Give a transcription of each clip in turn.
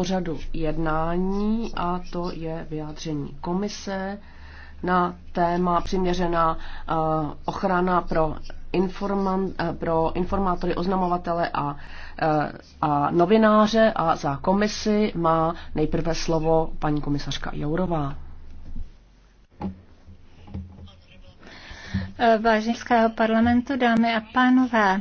pořadu jednání a to je vyjádření komise na téma přiměřená eh, ochrana pro, informan, eh, pro informátory, oznamovatele a, eh, a novináře a za komisi má nejprve slovo paní komisařka Jourová. Vážnického parlamentu, dámy a pánové,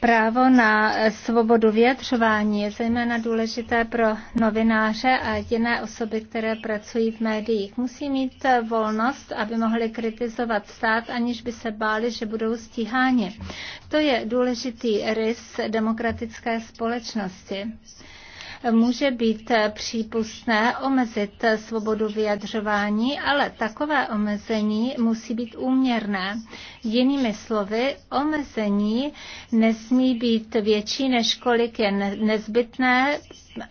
Právo na svobodu vyjadřování je zejména důležité pro novináře a jiné osoby, které pracují v médiích. Musí mít volnost, aby mohli kritizovat stát, aniž by se báli, že budou stíháni. To je důležitý rys demokratické společnosti může být přípustné omezit svobodu vyjadřování, ale takové omezení musí být úměrné. Jinými slovy, omezení nesmí být větší, než kolik je nezbytné,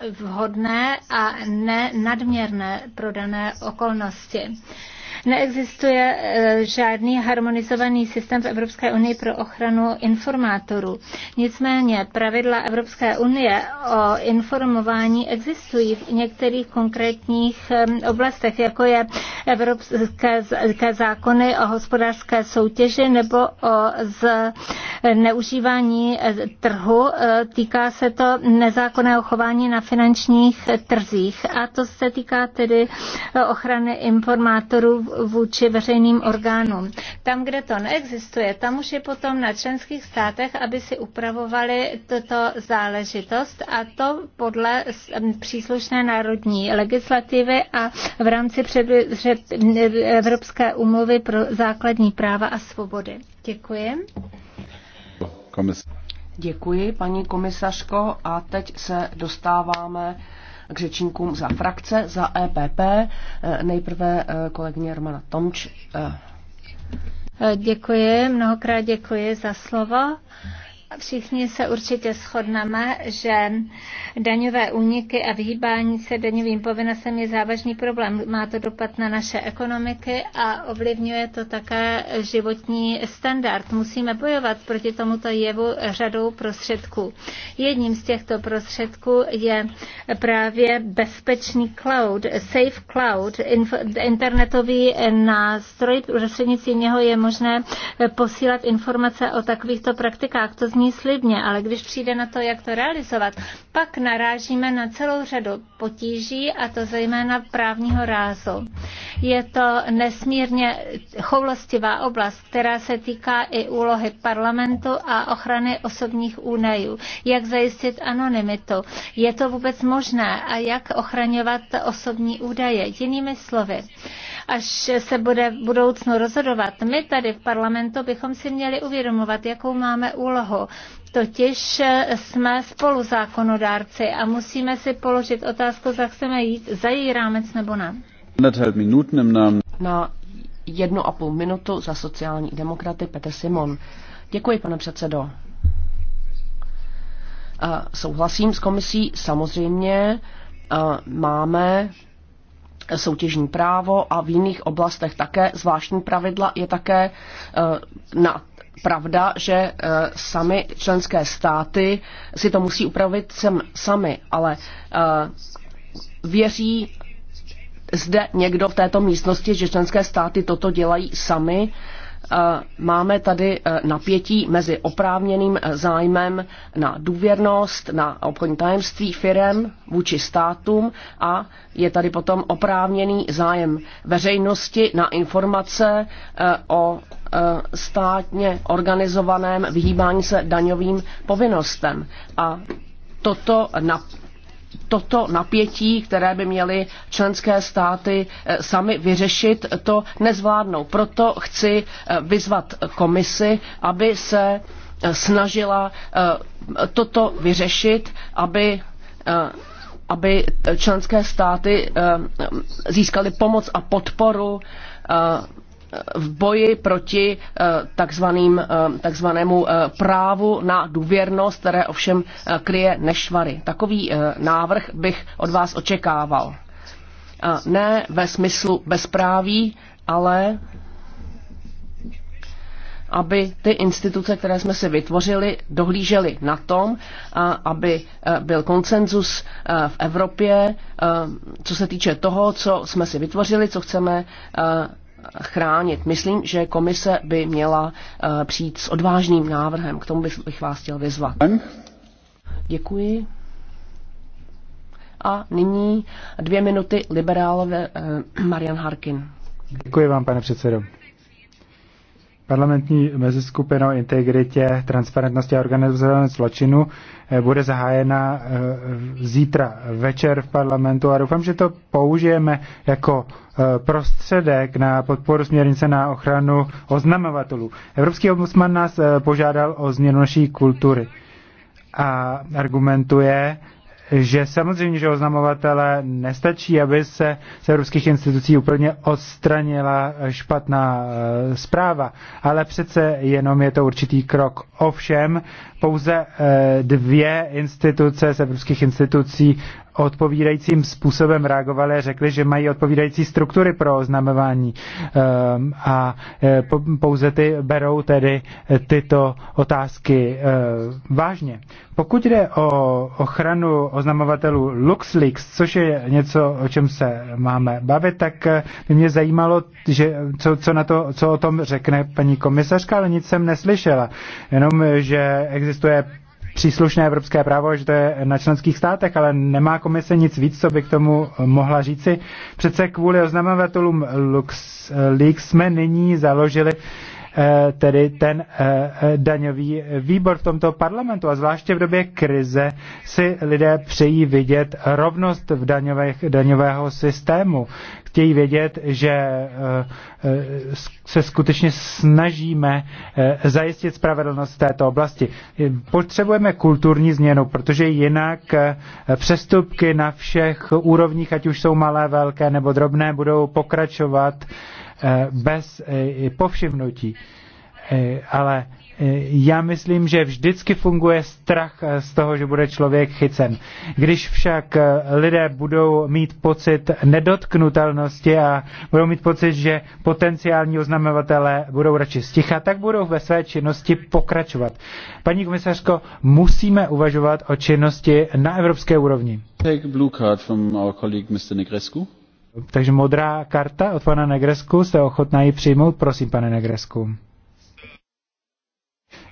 vhodné a nenadměrné pro dané okolnosti. Neexistuje eh, žádný harmonizovaný systém v Evropské unii pro ochranu informátorů. Nicméně pravidla Evropské unie o informování existují v některých konkrétních oblastech, jako je evropské zákony o hospodářské soutěži nebo o zneužívání eh, trhu. Eh, týká se to nezákonného chování na finančních trzích a to se týká tedy ochrany informátorů vůči veřejným orgánům. Tam, kde to neexistuje, tam už je potom na členských státech, aby si upravovali tuto záležitost a to podle příslušné národní legislativy a v rámci Evropské umluvy pro základní práva a svobody. Děkuji. Komis. Děkuji, paní komisařko, a teď se dostáváme k řečníkům za frakce, za EPP. Eh, nejprve eh, kolegyně Romana Tomč. Eh. Děkuji, mnohokrát děkuji za slovo. Všichni se určitě shodneme, že daňové úniky a vyhýbání se daňovým povinnostem je závažný problém. Má to dopad na naše ekonomiky a ovlivňuje to také životní standard. Musíme bojovat proti tomuto jevu řadou prostředků. Jedním z těchto prostředků je právě bezpečný cloud, safe cloud, internetový nástroj. Prostřednictvím něho je možné posílat informace o takovýchto praktikách. To zní slibně, ale když přijde na to, jak to realizovat, pak narážíme na celou řadu potíží a to zejména právního rázu. Je to nesmírně choulostivá oblast, která se týká i úlohy parlamentu a ochrany osobních údajů. Jak zajistit anonymitu? Je to vůbec možné a jak ochraňovat osobní údaje? Jinými slovy, až se bude v budoucnu rozhodovat. My tady v parlamentu bychom si měli uvědomovat, jakou máme úlohu. Totiž jsme spolu zákonodárci a musíme si položit otázku, zda chceme jít za její rámec nebo ne. Na jednu a půl minutu za sociální demokraty Petr Simon. Děkuji, pane předsedo. Souhlasím s komisí, samozřejmě máme soutěžní právo a v jiných oblastech také zvláštní pravidla je také eh, na pravda, že eh, sami členské státy si to musí upravit sem, sami, ale eh, věří zde někdo v této místnosti, že členské státy toto dělají sami máme tady e, napětí mezi oprávněným e, zájmem na důvěrnost, na obchodní tajemství firem vůči státům a je tady potom oprávněný zájem veřejnosti na informace e, o státně organizovaném vyhýbání se daňovým povinnostem. A toto toto napětí, které by měly členské státy eh, sami vyřešit, to nezvládnou. Proto chci eh, vyzvat komisi, aby se eh, snažila toto vyřešit, aby aby členské státy získaly pomoc a podporu v boji proti eh, takzvaným, eh, takzvanému eh, právu na důvěrnost, které ovšem kryje nešvary. Takový návrh bych od vás očekával. Ne ve smyslu bezpráví, ale aby ty instituce, které jsme si vytvořili, dohlížely na tom, aby byl konsenzus v Evropě, co se týče toho, co jsme si vytvořili, co chceme chránit. Myslím, že komise by měla eh, přijít s odvážným návrhem. K tomu bych vás chtěl vyzvat. Děkuji. A nyní dvě minuty liberálové eh, Marian Harkin. Děkuji vám, pane předsedo. Parlamentní meziskupina o integritě, transparentnosti a organizovaném zločinu eh, bude zahájena eh, zítra večer v parlamentu a doufám, že to použijeme jako eh, prostředek na podporu směrnice na ochranu oznamovatelů. Evropský ombudsman nás požádal o změnu naší kultury a argumentuje, že samozřejmě, že oznamovatele nestačí, aby se z evropských institucí úplně odstranila špatná eh, zpráva, ale přece jenom je to určitý krok. Ovšem, pouze eh, dvě instituce z evropských institucí odpovídajícím způsobem reagovali a řekli, že mají odpovídající struktury pro oznamování ehm, a e, pouze ty berou tedy e, tyto otázky e, vážně. Pokud jde o ochranu oznamovatelů LuxLeaks, což je něco, o čem se máme bavit, tak by mě zajímalo, že co, co, na to, co o tom řekne paní komisařka, ale nic jsem neslyšela. Jenom, že existuje příslušné evropské právo, že to je na členských státech, ale nemá komise nic víc, co by k tomu mohla říci. Přece kvůli oznamovatelům LuxLeaks jsme nyní založili Eh, tedy ten eh, eh, daňový výbor v tomto parlamentu. A zvláště v době krize si lidé přejí vidět rovnost v daňových, daňového systému. Chtějí vědět, že se skutečně snažíme zajistit spravedlnost v této oblasti. Potřebujeme kulturní změnu, protože jinak přestupky na všech úrovních, ať už jsou malé, velké nebo drobné, budou pokračovat Eh, bez eh, povšimnutí. Eh, ale já myslím, že vždycky funguje strach z toho, že bude člověk chycen. Když však lidé budou mít pocit nedotknutelnosti a budou mít pocit, že potenciální oznamovatelé budou radši sticha, tak budou ve své činnosti pokračovat. Paní komisařko, musíme uvažovat o činnosti na evropské úrovni. Take blue card from our colleague Mr. Takže modrá karta od pana Negresku, jste ochotná ji přijmout? Prosím, pane Negresku.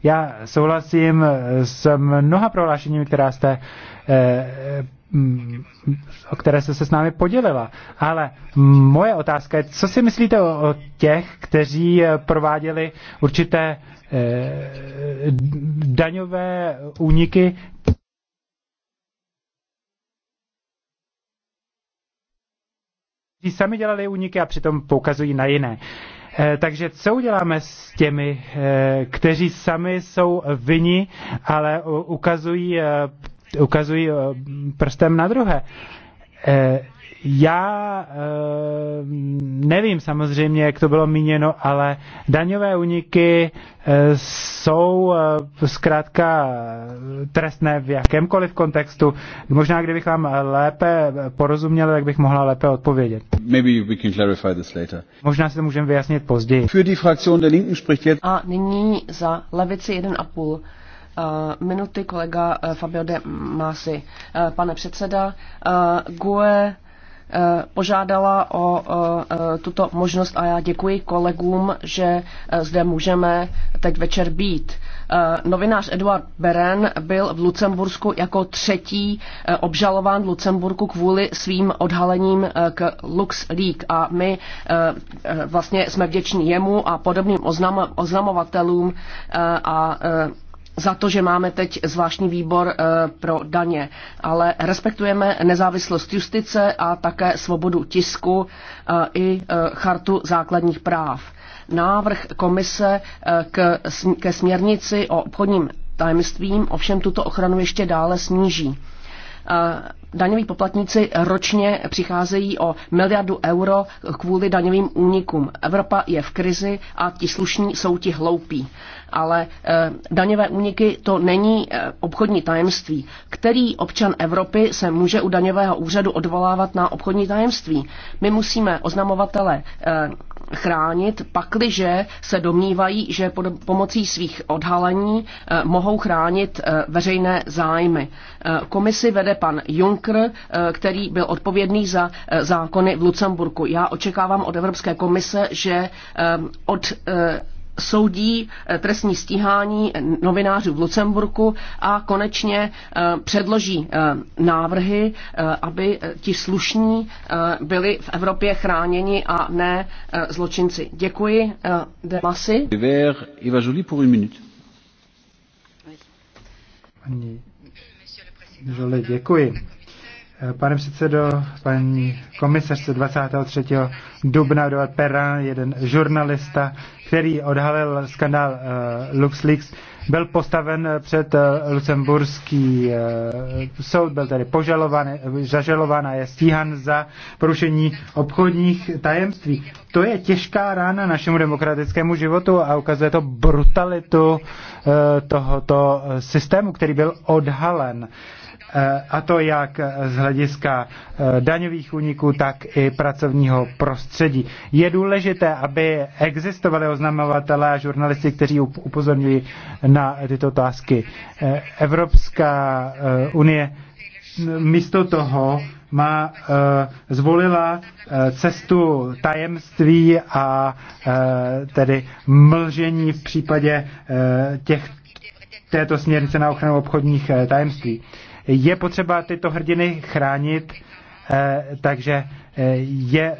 Já souhlasím s mnoha prohlášeními, která jste, eh, mm, o které jste se s námi podělila. Ale moje otázka je, co si myslíte o těch, kteří eh, prováděli určité eh, daňové úniky kteří sami dělali úniky a přitom poukazují na jiné. Eh, takže co uděláme s těmi, eh, kteří sami jsou vyni, ale ukazují, eh, ukazují prstem na druhé? já e, nevím samozřejmě, jak to bylo míněno, ale daňové uniky e, eh, jsou e, zkrátka trestné v jakémkoliv kontextu. Možná, kdybych vám lépe porozuměl, tak bych mohla lépe odpovědět. Maybe we can clarify this later. Možná si to můžeme vyjasnit později. Für die Fraktion der Linken spricht jetzt... A nyní za levici 1,5 minuty kolega Fabio de Masi. Pane předseda, GUE Eh, požádala o eh, eh, tuto možnost a já děkuji kolegům, že zde můžeme teď večer být. Novinář Eduard Beren byl v Lucembursku jako třetí obžalován v Lucemburku kvůli svým odhalením k Lux League a my vlastně jsme vděční jemu a podobným oznamovatelům a za to, že máme teď zvláštní výbor eh, pro daně, ale respektujeme nezávislost justice a také svobodu tisku eh, i eh, chartu základních práv. Návrh komise k, ke směrnici o obchodním tajemstvím ovšem tuto ochranu ještě dále sníží daňoví poplatníci ročně přicházejí o miliardu euro kvůli daňovým únikům. Evropa je v krizi a ti slušní jsou ti hloupí. Ale e, daňové úniky to není e, obchodní tajemství. Který občan Evropy se může u daňového úřadu odvolávat na obchodní tajemství? My musíme oznamovatele e, chránit, pakliže se domnívají, že pomocí svých odhalení eh, mohou chránit eh, veřejné zájmy. Eh, komisi vede pan Juncker, který byl odpovědný za zákony v Lucemburku. Já očekávám od Evropské komise, že od soudí eh, trestní stíhání novinářů v Lucemburku a konečně eh, předloží eh, návrhy, aby ti slušní byli v Evropě chráněni a ne zločinci. Děkuji. De Masi. děkuji. Pane předsedo, paní komisařce 23. dubna do Pera, jeden žurnalista, který odhalil skandál uh, LuxLeaks, byl postaven eh, před uh, lucemburský uh, soud, byl tedy požalovan, zažalován a je stíhan za porušení obchodních tajemství. To je těžká rána našemu demokratickému životu a ukazuje to brutalitu uh, tohoto systému, který byl odhalen. Eh, a to jak z hlediska eh, daňových úniků, tak i pracovního prostředí. Je důležité, aby existovaly oznamovatelé a žurnalisti, kteří upozorňují na tyto otázky. Eh, Evropská unie místo toho má, zvolila cestu tajemství a tedy mlžení v případě těch, této směrnice na ochranu obchodních tajemství. Je potřeba tyto hrdiny chránit, eh, takže eh, je, eh,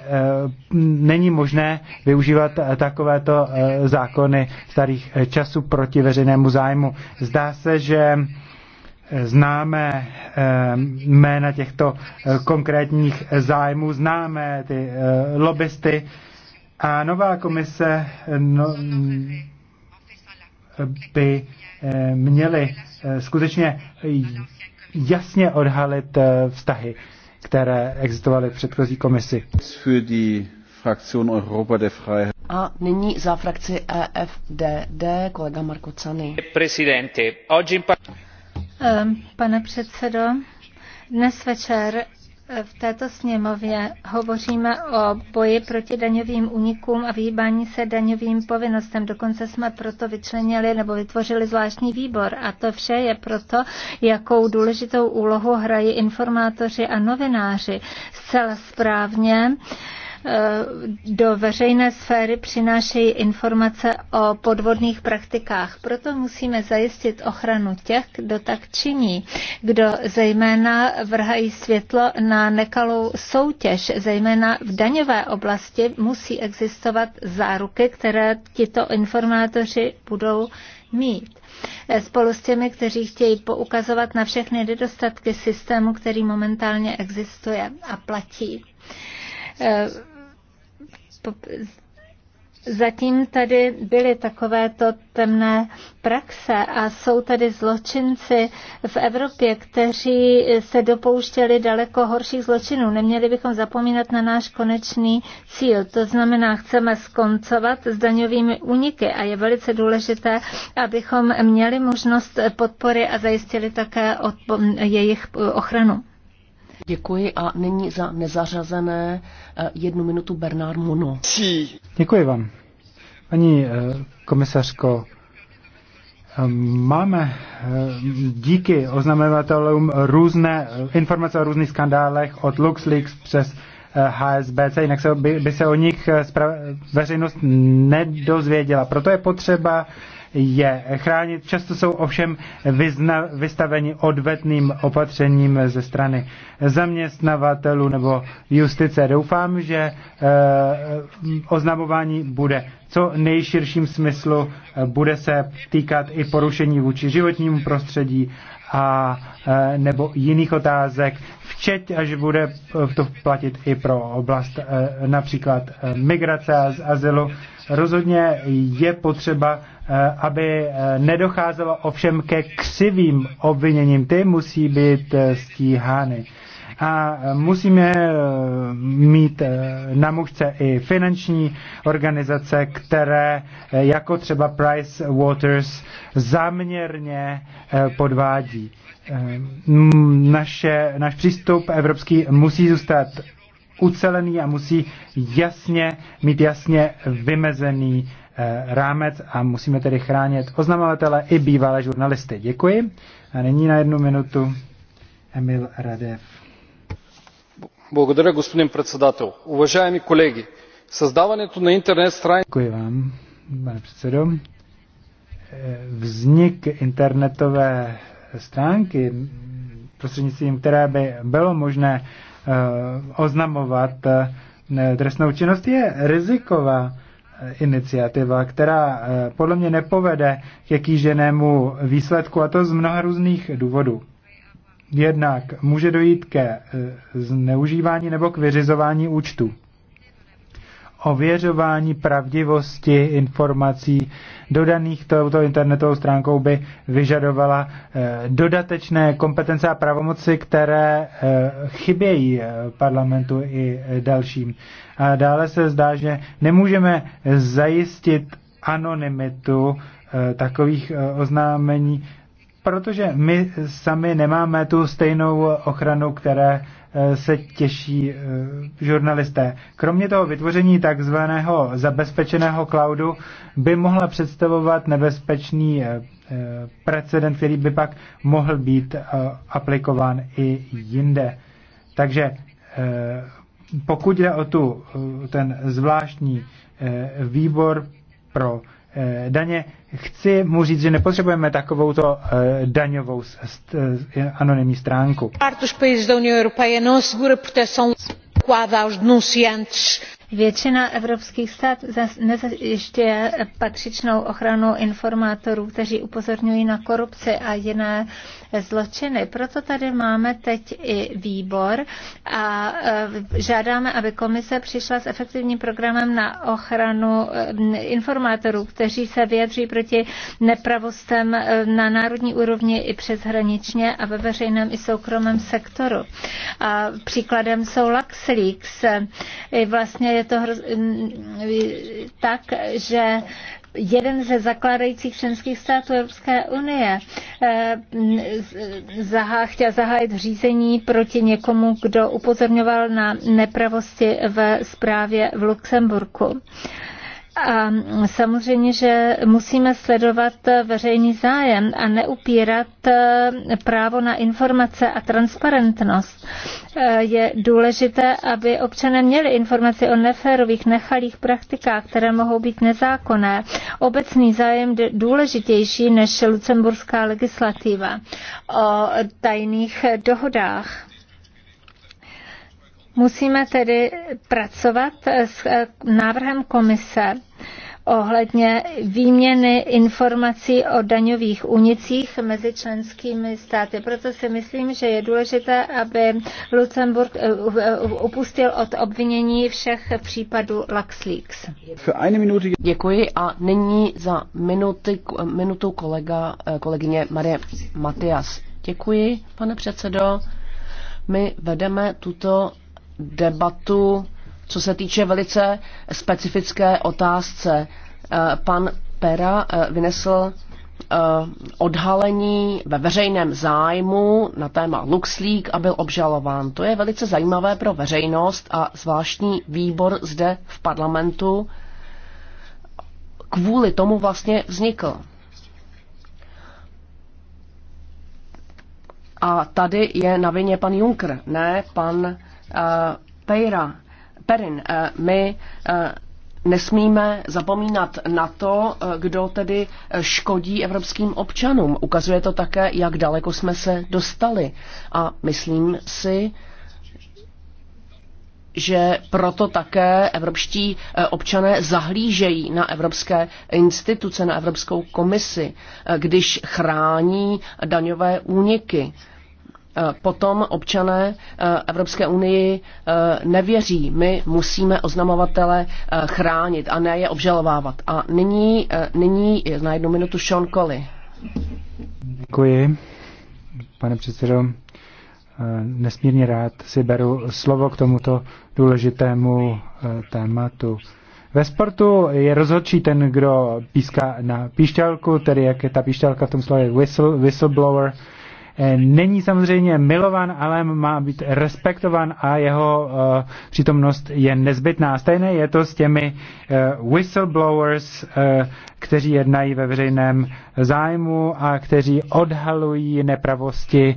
není možné využívat takovéto zákony starých časů proti veřejnému zájmu. Zdá se, že známe jména těchto konkrétních zájmů, známe ty lobbysty a nová komise no, mm, by Eh, měli eh, skutečně jasně odhalit eh, vztahy, které existovaly v předchozí komisi. A nyní za frakci EFDD kolega Marko Cany. Pane předsedo, dnes večer v této sněmově hovoříme o boji proti daňovým únikům a vyhýbání se daňovým povinnostem. Dokonce jsme proto vyčlenili nebo vytvořili zvláštní výbor. A to vše je proto, jakou důležitou úlohu hrají informátoři a novináři. Zcela správně do veřejné sféry přinášejí informace o podvodných praktikách. Proto musíme zajistit ochranu těch, kdo tak činí, kdo zejména vrhají světlo na nekalou soutěž, zejména v daňové oblasti musí existovat záruky, které tito informátoři budou mít. Spolu s těmi, kteří chtějí poukazovat na všechny nedostatky systému, který momentálně existuje a platí Zatím tady byly takovéto temné praxe a jsou tady zločinci v Evropě, kteří se dopouštěli daleko horších zločinů. Neměli bychom zapomínat na náš konečný cíl. To znamená, chceme skoncovat s daňovými úniky a je velice důležité, abychom měli možnost podpory a zajistili také jejich ochranu. Děkuji a nyní za nezařazené eh, jednu minutu Bernard Mono. Děkuji vám. Paní eh, komisařko, eh, Máme díky oznamovatelům různé informace o různých skandálech od LuxLeaks přes HSBC, jinak se by, by se o nich veřejnost nedozvěděla. Proto je potřeba je chránit. Často jsou ovšem vyzna, vystaveni odvetným opatřením ze strany zaměstnavatelů nebo justice. Doufám, že e, oznamování bude co nejširším smyslu, eh, bude se týkat i porušení vůči životnímu prostředí a e, nebo jiných otázek, včetně, až bude e, to platit i pro oblast e, například migrace a z azylu. Rozhodně je potřeba, aby nedocházelo ovšem ke křivým obviněním. Ty musí být stíhány a musíme e, mít e, na mužce i finanční organizace, které e, jako třeba Price Waters záměrně podvádí. Naše, náš přístup evropský musí zůstat ucelený a musí jasně mít jasně vymezený rámec a musíme tedy chránit oznamovatele i bývalé žurnalisty. Děkuji. A nyní na jednu minutu Emil Radev господин председател уважаеми колеги създаването на интернет страницата vznik internetové stránky, prostřednictvím které by bylo možné eh, oznamovat eh, trestnou činnost, je riziková eh, iniciativa, která podle mě nepovede k jakýženému výsledku, a to z mnoha různých důvodů. Jednak může dojít ke e, zneužívání nebo k vyřizování účtu. Ověřování pravdivosti informací dodaných touto internetovou stránkou by vyžadovala e, dodatečné kompetence a pravomoci, které e, chybějí parlamentu i dalším. A dále se zdá, že nemůžeme zajistit anonymitu takových oznámení, protože my sami nemáme tu stejnou ochranu, které eh, se těší eh, žurnalisté. Kromě toho vytvoření takzvaného zabezpečeného cloudu by mohla představovat nebezpečný eh, precedent, který by pak mohl být aplikován i jinde. Takže pokud jde o tu, ten zvláštní výbor pro Eh, daně, chci mu říct, že nepotřebujeme takovou to eh, daňovou eh, anonymní stránku. Většina evropských států ještě patřičnou ochranu informátorů, kteří upozorňují na korupci a jiné zločiny. Proto tady máme teď i výbor a e, žádáme, aby komise přišla s efektivním programem na ochranu informátorů, kteří se vyjadří proti nepravostem e, na národní úrovni i přeshraničně a ve veřejném i soukromém sektoru. A příkladem jsou LuxLeaks. Vlastně je to tak, že jeden ze zakládajících členských států Evropské unie eh, zahá, chtěl zahájit řízení proti někomu, kdo upozorňoval na nepravosti ve zprávě v Luxemburku. A samozřejmě, že musíme sledovat veřejný zájem a neupírat eh, právo na informace a transparentnost. Eh, je důležité, aby občané měli informaci o neférových, nechalých praktikách, které mohou být nezákonné. Obecný zájem je důležitější než lucemburská legislativa o tajných dohodách. Musíme tedy pracovat s eh, návrhem komise ohledně výměny informací o daňových únicích mezi členskými státy. Proto si myslím, že je důležité, aby Lucemburg eh, eh, upustil od obvinění všech případů LuxLeaks. Děkuji a nyní za minuty, minutu kolega, kolegyně Marie Matias. Děkuji, pane předsedo. My vedeme tuto debatu, co se týče velice specifické otázce. Eh, pan Pera eh, vynesl eh, odhalení ve veřejném zájmu na téma LuxLeak a byl obžalován. To je velice zajímavé pro veřejnost a zvláštní výbor zde v parlamentu kvůli tomu vlastně vznikl. A tady je na vině pan Juncker, ne pan Eh, Pejra, Perin, eh, my eh, nesmíme zapomínat na to, kdo tedy škodí evropským občanům. Ukazuje to také, jak daleko jsme se dostali. A myslím si, že proto také evropští občané zahlížejí na evropské instituce, na Evropskou komisi, když chrání daňové úniky Eh, potom občané eh, Evropské unii eh, nevěří. My musíme oznamovatele chránit a ne je obžalovávat. A nyní, nyní na jednu minutu Sean Colley. Děkuji, pane předsedo. Nesmírně rád si beru slovo k tomuto důležitému tématu. Ve sportu je rozhodčí ten, kdo píská na píšťalku, tedy jak je ta píšťalka v tom slově whistle, whistleblower, Eh, není samozřejmě milovan, ale má být respektovan a jeho eh, přítomnost je nezbytná. Stejné je to s těmi eh, whistleblowers, kteří jednají ve veřejném zájmu a kteří odhalují nepravosti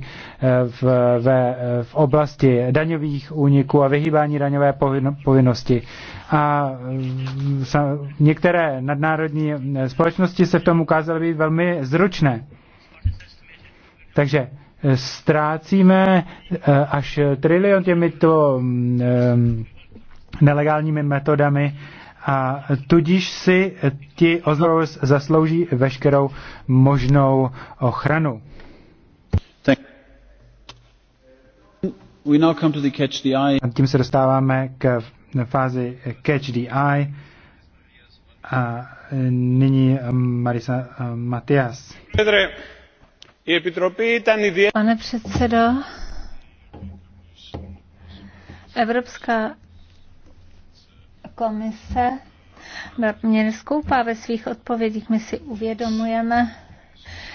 v, ve, v oblasti daňových úniků a vyhýbání daňové povinnosti. A některé nadnárodní společnosti se v tom ukázaly být velmi zručné. Takže eh, ztrácíme eh, až trilion těmito mm, eh, nelegálními metodami a tudíž si ti ozdravovci zaslouží veškerou možnou ochranu. A tím se dostáváme k fázi catch the eye. A nyní Marisa Matias. Pane předsedo, Evropská komise mě neskoupá ve svých odpovědích. My si uvědomujeme,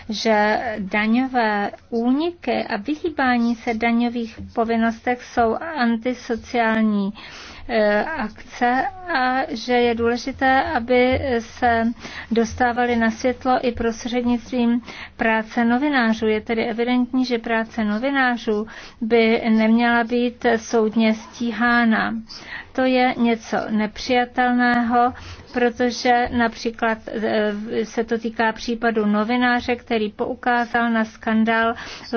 že daňové úniky a vyhýbání se daňových povinnostech jsou antisociální eh, akce a že je důležité, aby se dostávali na světlo i prostřednictvím práce novinářů. Je tedy evidentní, že práce novinářů by neměla být soudně stíhána. To je něco nepřijatelného protože například eh, se to týká případu novináře, který poukázal na skandal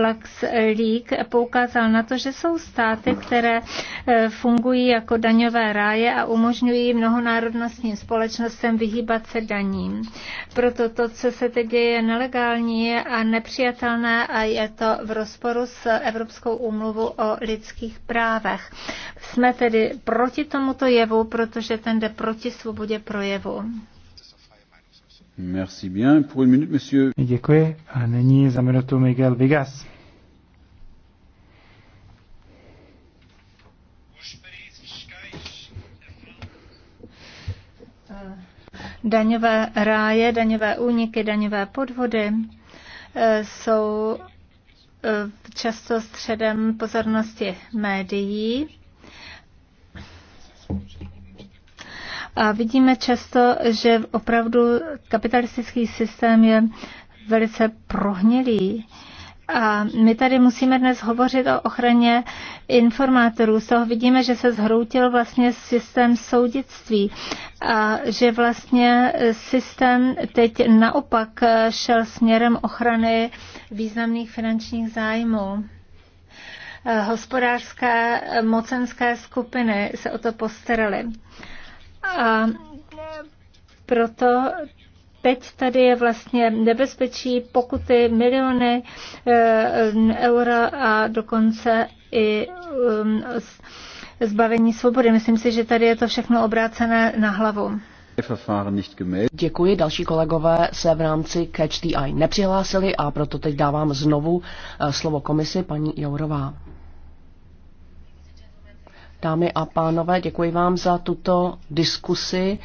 Lux League, poukázal na to, že jsou státy, které eh, fungují jako daňové ráje a umožňují mnohonárodnostním společnostem vyhýbat se daním. Proto to, co se teď děje, je nelegální a nepřijatelné a je to v rozporu s Evropskou úmluvou o lidských právech. Jsme tedy proti tomuto jevu, protože ten jde proti svobodě projevu projevu. Merci bien. Pour une minute, monsieur. Děkuji. A nyní za minutu Miguel Vigas. Daňové ráje, daňové úniky, daňové podvody eh, jsou eh, často středem pozornosti médií A vidíme často, že opravdu kapitalistický systém je velice prohnilý. A my tady musíme dnes hovořit o ochraně informátorů. Z toho vidíme, že se zhroutil vlastně systém soudictví a že vlastně systém teď naopak šel směrem ochrany významných finančních zájmů hospodářské mocenské skupiny se o to postaraly. A proto teď tady je vlastně nebezpečí pokuty miliony eh, eh, eura a dokonce i um, zbavení svobody. Myslím si, že tady je to všechno obrácené na hlavu. Děkuji, další kolegové se v rámci Catch the Eye nepřihlásili a proto teď dávám znovu eh, slovo komisi paní Jourová. Dámy a pánové, děkuji vám za tuto diskusi.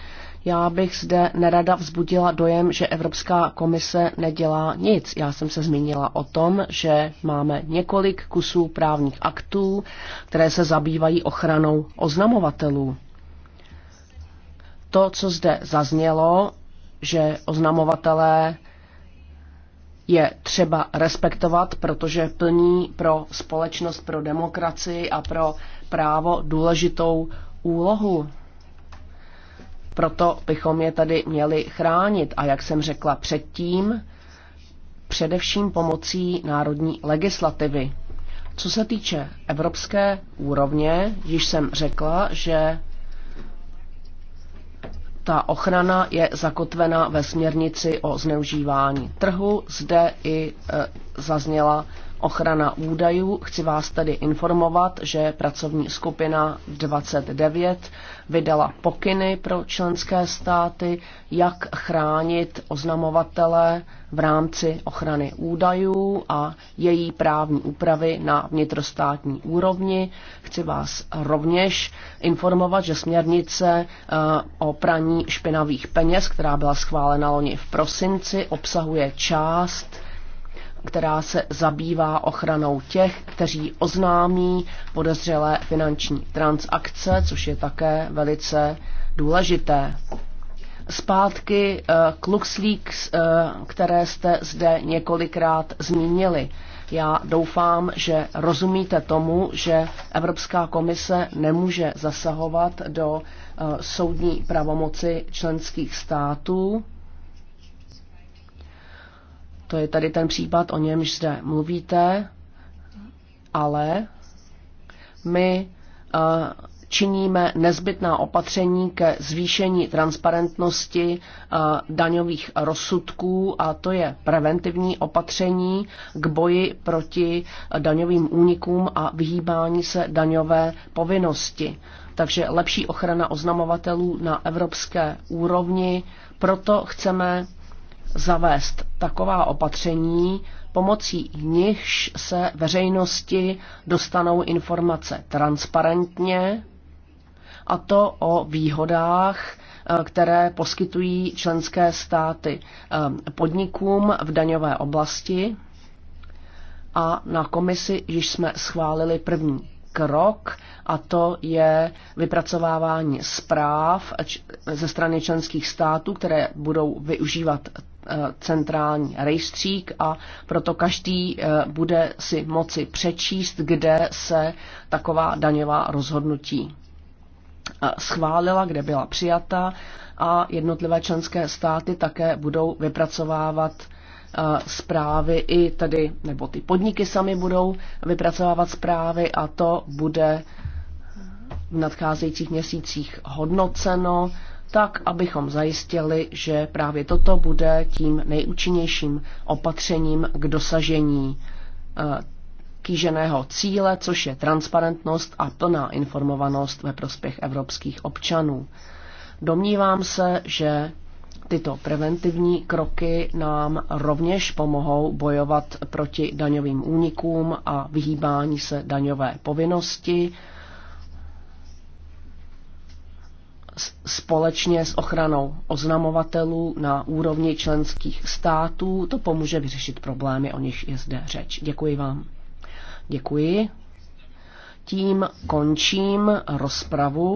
Já bych zde nerada vzbudila dojem, že Evropská komise nedělá nic. Já jsem se zmínila o tom, že máme několik kusů právních aktů, které se zabývají ochranou oznamovatelů. To, co zde zaznělo, že oznamovatelé je třeba respektovat, protože plní pro společnost, pro demokracii a pro právo důležitou úlohu. Proto bychom je tady měli chránit a jak jsem řekla předtím, především pomocí národní legislativy. Co se týče evropské úrovně, již jsem řekla, že ta ochrana je zakotvena ve směrnici o zneužívání trhu. Zde i e, zazněla ochrana údajů. Chci vás tedy informovat, že pracovní skupina 29 vydala pokyny pro členské státy, jak chránit oznamovatele v rámci ochrany údajů a její právní úpravy na vnitrostátní úrovni. Chci vás rovněž informovat, že směrnice eh, o praní špinavých peněz, která byla schválena loni v prosinci, obsahuje část která se zabývá ochranou těch, kteří oznámí podezřelé finanční transakce, což je také velice důležité. Zpátky eh, k LuxLeaks, eh, které jste zde několikrát zmínili. Já doufám, že rozumíte tomu, že Evropská komise nemůže zasahovat do eh, soudní pravomoci členských států to je tady ten případ, o němž zde mluvíte, ale my eh, činíme nezbytná opatření ke zvýšení transparentnosti eh, daňových rozsudků a to je preventivní opatření k boji proti daňovým únikům a vyhýbání se daňové povinnosti. Takže lepší ochrana oznamovatelů na evropské úrovni. Proto chceme zavést taková opatření, pomocí nichž se veřejnosti dostanou informace transparentně, a to o výhodách, eh, které poskytují členské státy eh, podnikům v daňové oblasti. A na komisi již jsme schválili první krok, a to je vypracovávání zpráv ze strany členských států, které budou využívat Eh, centrální rejstřík a proto každý eh, bude si moci přečíst, kde se taková daňová rozhodnutí eh, schválila, kde byla přijata a jednotlivé členské státy také budou vypracovávat zprávy i tedy, nebo ty podniky sami budou vypracovávat zprávy a to bude v nadcházejících měsících hodnoceno tak abychom zajistili, že právě toto bude tím nejúčinnějším opatřením k dosažení eh, kýženého cíle, což je transparentnost a plná informovanost ve prospěch evropských občanů. Domnívám se, že tyto preventivní kroky nám rovněž pomohou bojovat proti daňovým únikům a vyhýbání se daňové povinnosti, společně s ochranou oznamovatelů na úrovni členských států. To pomůže vyřešit problémy, o nich je zde řeč. Děkuji vám. Děkuji. Tím končím rozpravu.